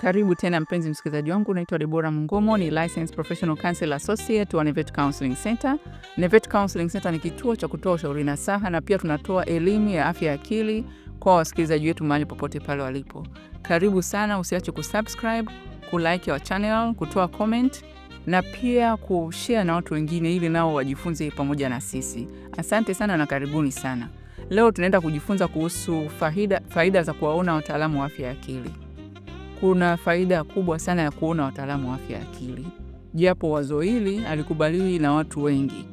Karibu tena mpenzi msikilizaji wangu, naitwa Debora Mungomo, ni licensed professional counselor associate wa Nevet Counseling Center. Nevet Counseling Center ni kituo cha kutoa ushauri na saha, na pia tunatoa elimu ya afya ya akili kwa wasikilizaji wetu mahali popote pale walipo. Karibu sana, usiache kusubscribe, kulike our channel, kutoa comment na pia kushare na watu wengine, ili nao wajifunze pamoja na sisi. Asante sana na karibuni sana. Leo tunaenda kujifunza kuhusu faida, faida za kuwaona wataalamu wa afya ya akili kuna faida kubwa sana ya kuona wataalamu wa afya ya akili, japo wazo hili alikubaliwi na watu wengi.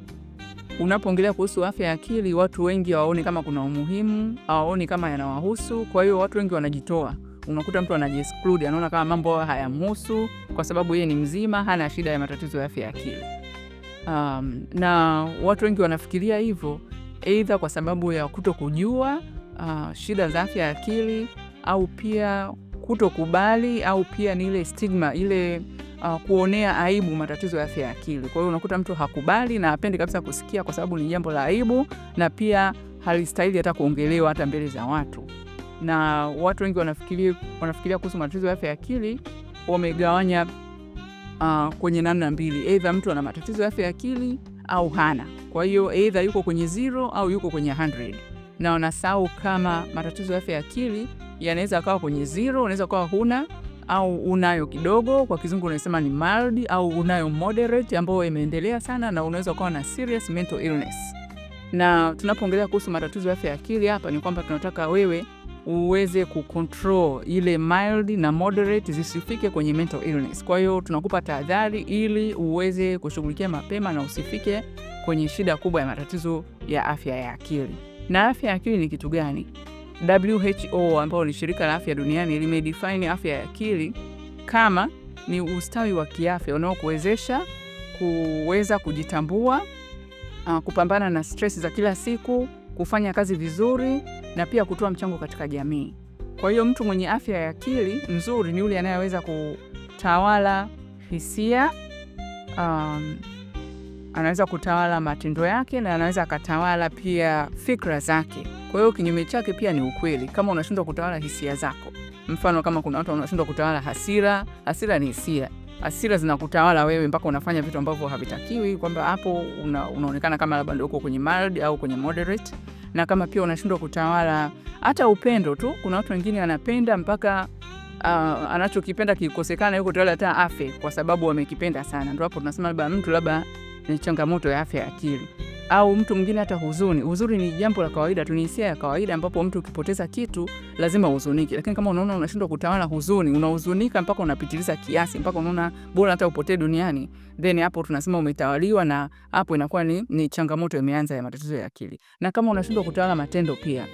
Unapoongelea kuhusu afya ya akili, watu wengi hawaoni kama kuna umuhimu, hawaoni kama yanawahusu. Kwa hiyo watu wengi wanajitoa, unakuta mtu anajiexclude, anaona kama mambo hayo hayamhusu kwa sababu yeye ni mzima, hana shida ya matatizo ya afya ya akili. Um, na watu wengi wanafikiria hivyo aidha kwa sababu ya kuto kujua uh, shida za afya ya akili au pia kutokubali au pia ni ile stigma ile uh, kuonea aibu matatizo ya afya ya akili. Kwa hiyo unakuta mtu hakubali na apendi kabisa kusikia kwa sababu ni jambo la aibu na pia halistahili hata kuongelewa hata mbele za watu. Na watu wengi wanafikiria wanafikiria kuhusu matatizo ya afya ya akili wamegawanya uh, kwenye namna mbili, aidha mtu ana matatizo ya afya ya akili au hana. Kwa hiyo aidha yuko kwenye zero au yuko kwenye 100 na wanasahau kama matatizo ya afya ya akili yanaweza akawa kwenye zero, unaweza kawa huna au unayo kidogo, kwa kizungu unasema ni mild, au unayo moderate ambayo imeendelea sana, na unaweza ukawa na serious mental illness. Na tunapoongelea kuhusu matatizo ya afya ya akili hapa ni kwamba tunataka wewe uweze kucontrol ile mild na moderate zisifike kwenye mental illness. Kwa hiyo tunakupa tahadhari ili uweze kushughulikia mapema na usifike kwenye shida kubwa ya matatizo ya afya ya akili. Na afya ya akili ni kitu gani? WHO ambao ni shirika la afya duniani limedefine afya ya akili kama ni ustawi wa kiafya unaokuwezesha kuweza kujitambua, uh, kupambana na stress za kila siku, kufanya kazi vizuri na pia kutoa mchango katika jamii. Kwa hiyo mtu mwenye afya ya akili nzuri ni yule anayeweza kutawala hisia, um, anaweza kutawala matendo yake na anaweza akatawala pia fikra zake. Kwa hiyo kinyume chake pia ni ukweli, kama unashindwa kutawala hisia zako. Mfano, kama kuna watu wanashindwa kutawala hasira, hasira ni hisia, hasira zinakutawala wewe mpaka unafanya vitu ambavyo havitakiwi, kwamba hapo una, unaonekana kama labda uko kwenye mild au kwenye moderate. Na kama pia unashindwa kutawala hata upendo tu, kuna watu wengine anapenda mpaka uh, anachokipenda kikosekana, yuko tayari hata afe kwa sababu wamekipenda sana. Ndio hapo tunasema labda mtu labda ni changamoto ya afya ya akili au mtu mwingine hata huzuni. Huzuni ni jambo la kawaida tu, ni hisia ya kawaida ambapo mtu ukipoteza kitu lazima uhuzunike. lakini kama unaona unashindwa kutawala huzuni, unahuzunika mpaka unapitiliza kiasi, mpaka unaona bora hata upotee duniani, then hapo tunasema umetawaliwa, na hapo inakuwa ni, ni changamoto imeanza ya matatizo ya akili. Na kama unashindwa kutawala matendo pia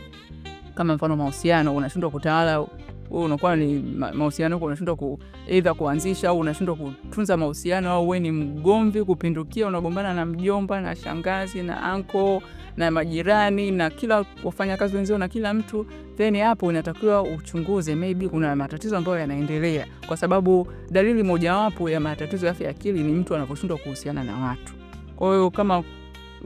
kama mfano mahusiano, unashindwa kutawala wewe, unakuwa ni mahusiano yako unashindwa ku aidha kuanzisha au unashindwa kutunza mahusiano, au wewe ni mgomvi kupindukia, unagombana na mjomba na shangazi na anko na majirani na kila wafanyakazi wenzio na kila mtu, then hapo inatakiwa uchunguze, maybe kuna matatizo ambayo yanaendelea, kwa sababu dalili mojawapo ya matatizo ya afya ya akili ni mtu anaposhindwa kuhusiana na watu. Kwa hiyo kama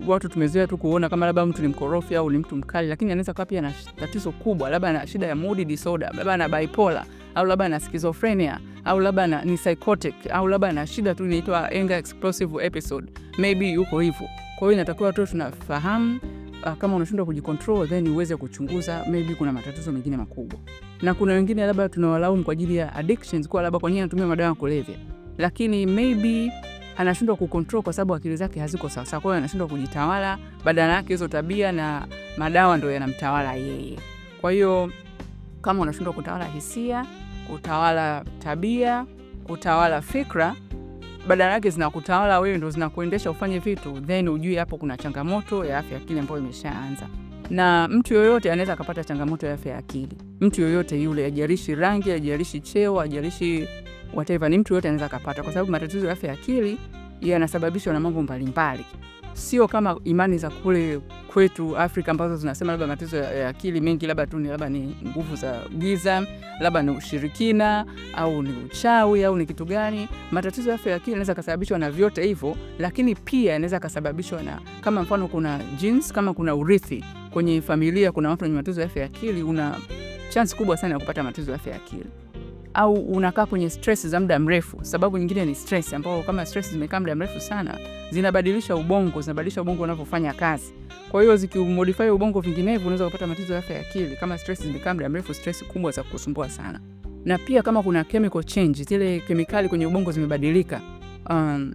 watu tumezoea tu kuona kama labda mtu ni mkorofi au ni mtu mkali, lakini anaweza kuwa pia na tatizo kubwa, labda ana shida ya mood disorder, labda ana bipolar au labda ana schizophrenia au labda ni psychotic au labda ana shida tu inaitwa anger explosive episode, maybe yuko hivyo. Kwa hiyo inatakiwa tu tunafahamu ah, kama unashindwa kujicontrol then uweze kuchunguza, maybe kuna matatizo mengine makubwa. Na kuna wengine labda tunawalaumu kwa ajili ya addictions, kwa labda kwa nini anatumia madawa ya kulevya, lakini maybe anashindwa kukontrol kwa sababu akili zake haziko sawa sawa, kwa hiyo anashindwa kujitawala. Badala yake hizo tabia na madawa ndio yanamtawala yeye. Kwa hiyo kama unashindwa kutawala hisia, kutawala tabia, kutawala fikra, badala yake zinakutawala wewe, ndio zinakuendesha ufanye vitu, then ujui hapo kuna changamoto ya afya akili ambayo imeshaanza na mtu yoyote anaweza akapata changamoto ya afya ya akili. Mtu yoyote yule, ajarishi rangi, ajarishi cheo, ajarishi whatever, ni mtu yote anaweza kapata, kwa sababu matatizo ya afya ya akili yanasababishwa na mambo mbalimbali, sio kama imani za kule kwetu Afrika ambazo zinasema labda matatizo ya akili mengi labda tu ni labda ni nguvu za giza, labda ni ushirikina au ni uchawi au ni kitu gani. Matatizo ya afya ya akili yanaweza kasababishwa na vyote hivyo, lakini pia yanaweza kasababishwa na kama mfano kuna genes, kama kuna urithi kwenye familia, kuna watu wenye matatizo ya afya ya akili, una chance kubwa sana ya kupata matatizo ya afya ya akili au unakaa kwenye stress za muda mrefu. Sababu nyingine ni stress, ambapo kama stress zimekaa muda mrefu sana zinabadilisha ubongo, zinabadilisha ubongo unavyofanya kazi. Kwa hiyo zikimodify ubongo vinginevyo, unaweza kupata matatizo ya afya ya akili kama stress zimekaa muda mrefu, stress kubwa za kusumbua sana. Na pia kama kuna chemical change, zile kemikali kwenye ubongo zimebadilika, um,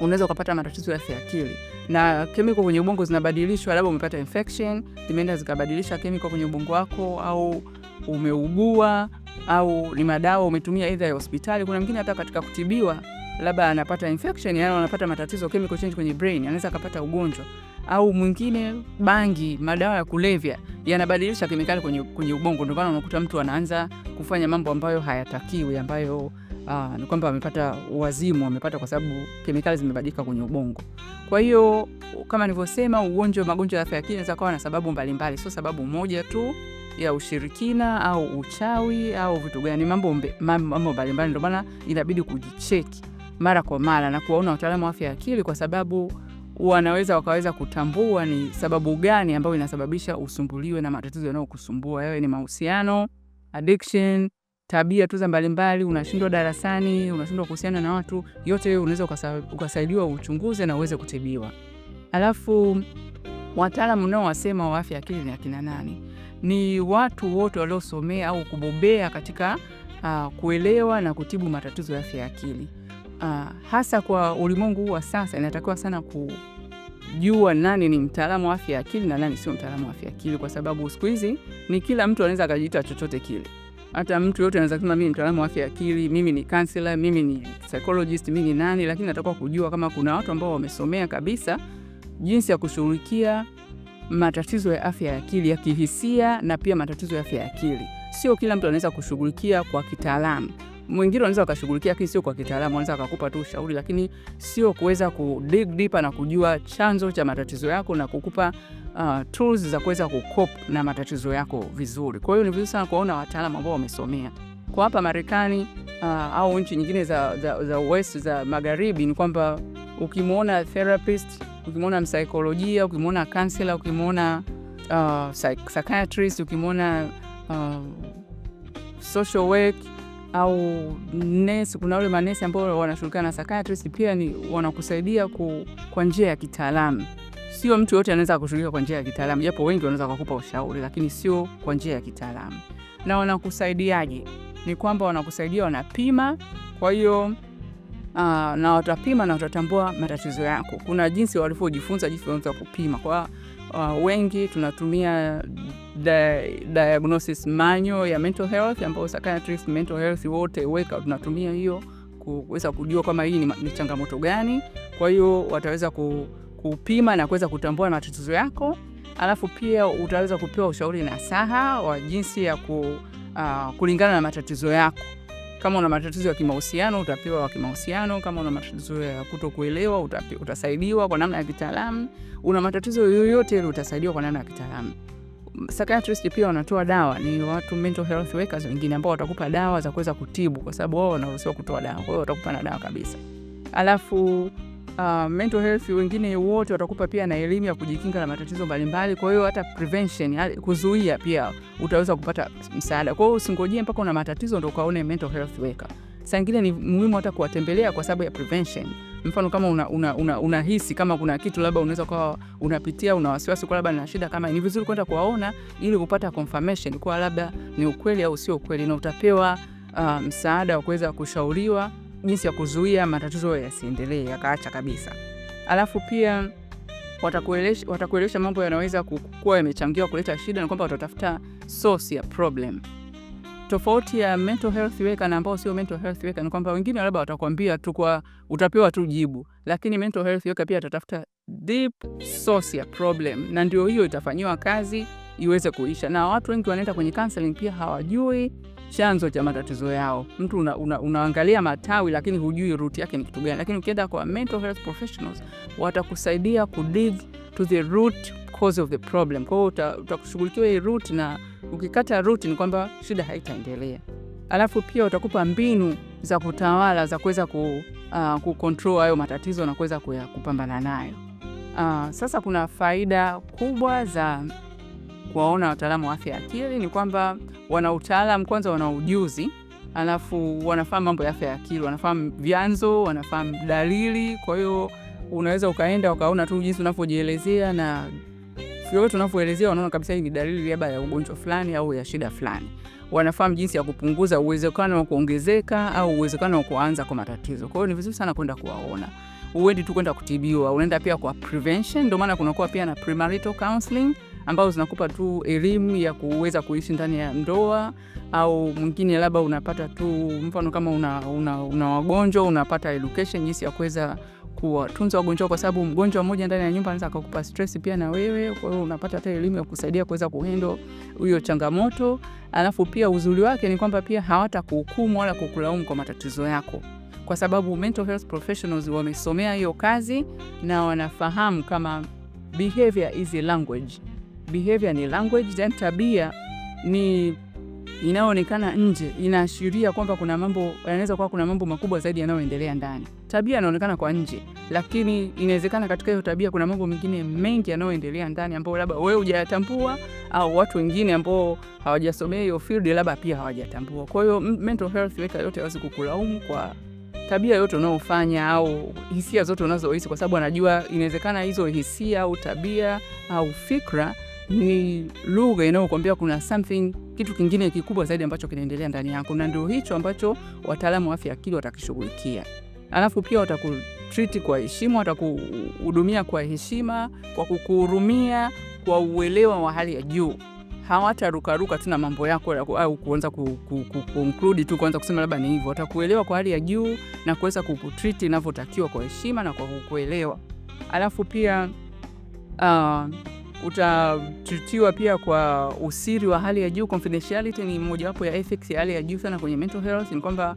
unaweza ukapata matatizo ya afya ya akili na kemiko kwenye ubongo zinabadilishwa, labda umepata infection, zimeenda zikabadilisha kemiko kwenye ubongo wako au umeugua au ni madawa umetumia aidha ya hospitali. Kuna mwingine hata katika kutibiwa labda anapata infection, yani anapata matatizo chemical change kwenye brain, anaweza akapata ugonjwa au mwingine bangi, madawa ya kulevya yanabadilisha kemikali kwenye, kwenye ubongo. Ndio maana unakuta mtu anaanza kufanya mambo ambayo hayatakiwi, ambayo aa, ah, ni kwamba amepata wazimu, amepata kwa sababu kemikali zimebadilika kwenye ubongo. Kwa hiyo kama nilivyosema, ugonjwa magonjwa ya afya ya akili inaweza kuwa na sababu mbalimbali, sio sababu moja tu ya ushirikina au uchawi au vitu gani, mambo mbalimbali. Ndio maana inabidi kujicheki mara kwa mara na kuwaona wataalamu wa afya ya akili, kwa sababu wanaweza wakaweza kutambua ni sababu gani ambayo inasababisha usumbuliwe na matatizo yanayokusumbua yawe ni mahusiano, addiction, tabia tu za mbalimbali, unashindwa darasani, unashindwa kuhusiana na watu. Yote hiyo unaweza ukasaidiwa, uchunguze na uweze kutibiwa. Alafu wataalamu nao wasema wa afya akili ni akina nani? ni watu wote waliosomea au kubobea katika uh, kuelewa na kutibu matatizo ya afya ya akili. Uh, hasa kwa ulimwengu huu wa sasa inatakiwa sana kujua nani ni mtaalamu wa afya ya akili na nani sio mtaalamu wa afya ya akili, kwa sababu siku hizi ni kila mtu anaweza akajiita chochote kile. Hata mtu yote anaweza kusema mimi mtaalamu wa afya ya akili, mimi ni counselor, mimi ni psychologist, mimi ni nani, lakini natakiwa kujua kama kuna watu ambao wamesomea kabisa jinsi ya kushughulikia matatizo ya afya ya akili ya kihisia na pia matatizo ya afya ya akili. Sio kila mtu anaweza kushughulikia kwa kitaalamu. Mwingine anaweza akashughulikia, lakini sio kwa kitaalamu. Anaweza akakupa tu ushauri, lakini sio kuweza kudig deeper na kujua chanzo cha matatizo yako na kukupa uh, tools za kuweza kukop na matatizo yako vizuri. Kwa hiyo ni vizuri sana kuona wataalamu ambao wamesomea kwa hapa Marekani uh, au nchi nyingine za, za, za West za magharibi, ni kwamba ukimwona therapist ukimwona msaikolojia, ukimwona kansela, ukimwona uh, psychiatrist, ukimwona uh, social work au nesi. Kuna ule manesi ambao wanashirikiana na psychiatrist pia ni wanakusaidia kwa njia ya kitaalamu. Sio mtu yote anaweza kushughulika kwa njia ya kitaalamu, japo wengi wanaweza kukupa ushauri, lakini sio kwa njia ya kitaalamu. Na wanakusaidiaje? Ni kwamba wanakusaidia, wanapima, kwa hiyo uh, na watapima na watatambua matatizo yako. Kuna jinsi walivyojifunza jinsi wanaweza kupima kwa uh, wengi tunatumia di diagnosis manual ya mental health ambayo psychiatrist mental health wote weka tunatumia hiyo kuweza kujua kama hii ni, ni changamoto gani. Kwa hiyo wataweza ku, kupima na kuweza kutambua matatizo yako, alafu pia utaweza kupewa ushauri na saha wa jinsi ya ku, uh, kulingana na matatizo yako. Kama una matatizo ya kimahusiano utapewa wa kimahusiano. Kama una matatizo ya kutokuelewa utasaidiwa kwa namna ya kitaalamu. Una matatizo yoyote ile utasaidiwa kwa namna ya kitaalamu. Psychiatrist pia wanatoa dawa, ni watu mental health workers wengine ambao watakupa dawa za kuweza kutibu, kwa sababu wao wanaruhusiwa kutoa dawa, kwa hiyo watakupa na dawa kabisa, alafu uh, mental health wengine wote watakupa pia na elimu ya kujikinga na matatizo mbalimbali. Kwa hiyo hata prevention, kuzuia pia utaweza kupata msaada. Kwa hiyo usingojie mpaka una matatizo ndio ukaone mental health worker. Saa ingine ni muhimu hata kuwatembelea kwa sababu ya prevention. Mfano kama unahisi una, una, una kama kuna kitu labda unaweza kuwa unapitia, una wasiwasi kwa labda na shida kama, ni vizuri kwenda kuwaona ili kupata confirmation kwa labda ni ukweli au sio ukweli, na utapewa uh, msaada wa kuweza kushauriwa jinsi ya kuzuia matatizo yasiendelee yakaacha kabisa. Alafu pia watakuelesha, watakuelewesha mambo yanaweza kuwa yamechangiwa kuleta shida, na kwamba watatafuta source ya problem. Tofauti ya mental health worker na ambao sio mental health worker ni kwamba wengine labda watakwambia tu kwa utapewa tu jibu, lakini mental health worker pia atatafuta deep source ya problem, na ndio hiyo itafanyiwa kazi iweze kuisha. Na watu wengi wanaenda kwenye counseling pia hawajui chanzo cha matatizo yao. Mtu una, una, unaangalia matawi lakini hujui ruti yake ni kitu gani, lakini ukienda kwa mental health professionals watakusaidia ku dig to the root cause of the problem. Kwa hiyo utakushughulikiwa hii root, na ukikata root ni kwamba shida haitaendelea. Alafu pia utakupa mbinu za kutawala za kuweza ku, uh, ah, kucontrol hayo matatizo na kuweza kupambana nayo. Uh, sasa kuna faida kubwa za kuwaona wataalamu wa afya ya akili ni kwamba wana utaalamu kwanza, wana ujuzi alafu wanafahamu mambo ya afya ya akili, wanafahamu vyanzo, wanafahamu dalili. Kwa hiyo unaweza ukaenda ukaona tu jinsi unavyojielezea na vyote unavyoelezea, wanaona kabisa hii ni dalili labda ya ugonjwa fulani au ya shida fulani. Wanafahamu jinsi ya kupunguza uwezekano wa kuongezeka au uwezekano wa kuanza kwa matatizo. Kwa hiyo ni vizuri sana kwenda kuwaona. Uendi tu kwenda kutibiwa, unaenda pia kwa prevention. Ndio maana kunakuwa pia na premarital counseling ambazo zinakupa tu elimu ya kuweza kuishi ndani ya ndoa, au mwingine labda unapata tu mfano kama una, una, una wagonjwa unapata education jinsi ya kuweza kuwatunza wagonjwa, kwa sababu mgonjwa mmoja ndani ya nyumba anaweza akakupa stress pia na wewe. Kwa hiyo unapata hata elimu ya kusaidia kuweza kuhendo huyo changamoto. Alafu pia uzuri wake ni kwamba pia hawatakuhukumu wala kukulaumu kwa matatizo yako kwa sababu mental health professionals wamesomea hiyo kazi na wanafahamu kama behavior is a language behavior ni language, then tabia ni inayoonekana nje, inaashiria kwamba kuna mambo yanaweza kuwa kuna mambo makubwa zaidi yanayoendelea ndani. Tabia inaonekana kwa nje, lakini inawezekana katika hiyo tabia kuna mambo mengine mengi yanayoendelea ndani ambayo labda wewe hujayatambua au watu wengine ambao hawajasomea hiyo field labda pia hawajatambua. Kwa hiyo mental health weka yote wazi kukulaumu kwa tabia yote unaofanya au hisia zote unazohisi, kwa sababu anajua inawezekana hizo hisia au tabia au fikra ni lugha inayokuambia kuna something, kitu kingine kikubwa zaidi ambacho kinaendelea ndani yako, na ndio hicho ambacho wataalamu wa afya akili watakishughulikia. Alafu pia watakutreat kwa heshima, watakuhudumia kwa heshima, kwa kukuhurumia, kwa uelewa wa hali ya juu. Hawatarukaruka tena mambo yako au kuanza kuconclude tu, kuanza kusema labda ni hivyo. Watakuelewa kwa hali ya juu na kuweza kukutreat inavyotakiwa kwa heshima na kwa kukuelewa. Alafu pia uh, utatutiwa pia kwa usiri wa hali ya juu. Confidentiality ni mojawapo ya ethics ya hali ya juu sana kwenye mental health, ni kwamba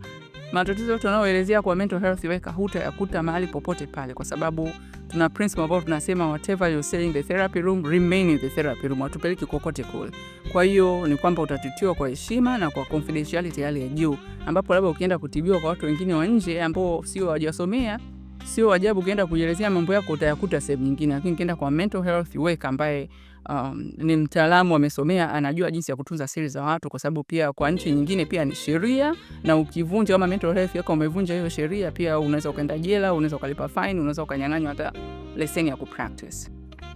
matatizo yote unayoelezea kwa mental health weka hutayakuta mahali popote pale, kwa sababu tuna principle ambayo tunasema whatever you say in the therapy room remain in the therapy room, hatupeleki kokote kule. Kwa hiyo ni kwamba utatutiwa kwa heshima na kwa confidentiality hali ya juu, ambapo labda ukienda kutibiwa kwa watu wengine wa nje ambao sio hawajasomea sio ajabu ukienda kujielezea mambo yako utayakuta sehemu nyingine, lakini ukienda kwa mental health worker ambaye um, ni mtaalamu amesomea, anajua jinsi ya kutunza siri za watu, kwa sababu pia kwa nchi nyingine pia ni sheria, na ukivunja kama mental health yako umevunja hiyo sheria, pia unaweza ukaenda jela, unaweza ukalipa fine, unaweza ukanyang'anywa hata leseni ya kupractice.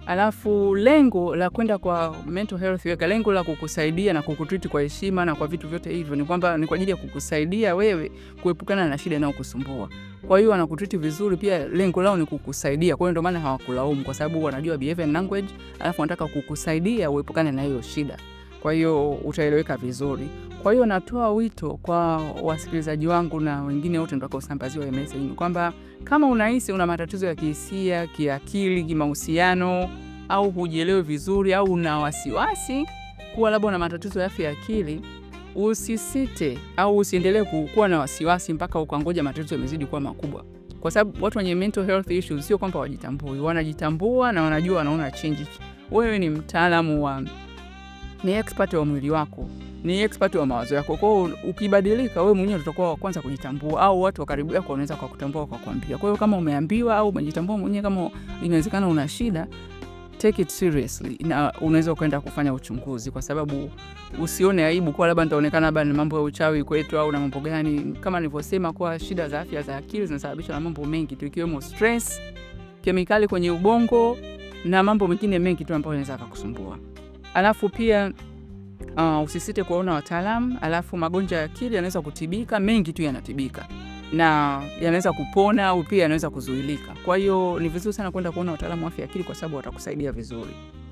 Alafu lengo la kwenda kwa mental health worker, lengo la kukusaidia na kukutreat kwa heshima na kwa vitu vyote hivyo, ni kwamba ni kwa ajili ya kukusaidia wewe kuepukana na shida inayokusumbua. Kwa hiyo wanakutreat vizuri, pia lengo lao ni kukusaidia. Kwa hiyo ndio maana hawakulaumu, kwa sababu wanajua behavior language, alafu wanataka kukusaidia uepukane na hiyo shida. Kwa hiyo utaeleweka vizuri. Kwa hiyo natoa wito kwa wasikilizaji wangu na wengine wote ndio kwa usambazi wa message kwamba kama unahisi una matatizo ya kihisia, kiakili, kimahusiano au hujielewi vizuri au una wasiwasi kuwa labda una matatizo ya afya ya akili, usisite au usiendelee kuwa na wasiwasi mpaka ukangoja matatizo yamezidi kuwa makubwa, kwa sababu watu wenye mental health issues sio kwamba wajitambui, wanajitambua na wanajua, wanaona changes. Wewe ni mtaalamu wa, ni expert wa mwili wako ni expert wa mawazo yako. Kwa hiyo ukibadilika wewe mwenyewe utakuwa wa kwanza kujitambua, au watu wa karibu yako wanaweza kwa kutambua kwa kuambia. Kwa hiyo kama umeambiwa au umejitambua mwenyewe kama inawezekana una shida, take it seriously, na unaweza ukaenda kufanya uchunguzi, kwa sababu usione aibu kwa labda nitaonekana labda ni mambo ya uchawi kwetu au na mambo gani. Kama nilivyosema, kwa shida za afya za akili zinasababishwa na mambo mengi tu, ikiwemo stress, kemikali kwenye ubongo na mambo mengine mengi tu ambayo yanaweza kukusumbua. Alafu pia Uh, usisite kuwaona wataalam. alafu magonjwa ya akili yanaweza kutibika, mengi tu yanatibika na yanaweza kupona au pia yanaweza kuzuilika. Kwa hiyo ni vizuri sana kwenda kuona wataalamu wa afya ya akili kwa sababu watakusaidia vizuri.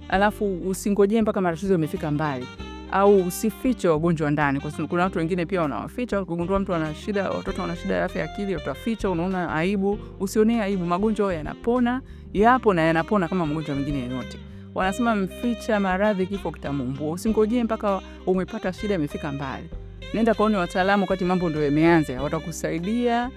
Alafu usingojee mpaka matatizo yamefika mbali au usifiche wagonjwa ndani, kwa sababu kuna watu wengine pia wanawaficha. Ukigundua mtu ana shida, watoto wana shida ya afya ya akili, utaficha, unaona aibu. Usionee aibu, magonjwa yanapona, yapo na yanapona kama magonjwa mengine yoyote wanasema mficha maradhi kifo kitamumbua. Usingojee mpaka umepata shida, imefika mbali, nenda kaone wataalamu wakati mambo ndio yameanza, watakusaidia.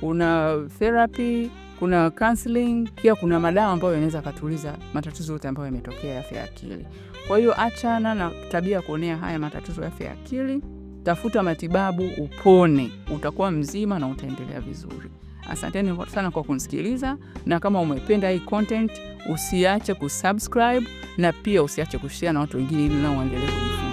Kuna therapy, kuna counseling, pia kuna madawa ambayo yanaweza katuliza matatizo yote ambayo yametokea afya ya akili. Kwa hiyo achana na tabia ya kuonea haya matatizo ya afya ya akili, tafuta matibabu upone, utakuwa mzima na utaendelea vizuri. Asanteni sana kwa kunisikiliza, na kama umependa hii content usiache kusubscribe na pia usiache kushare na watu wengine, ili nao waendelee kujifunza.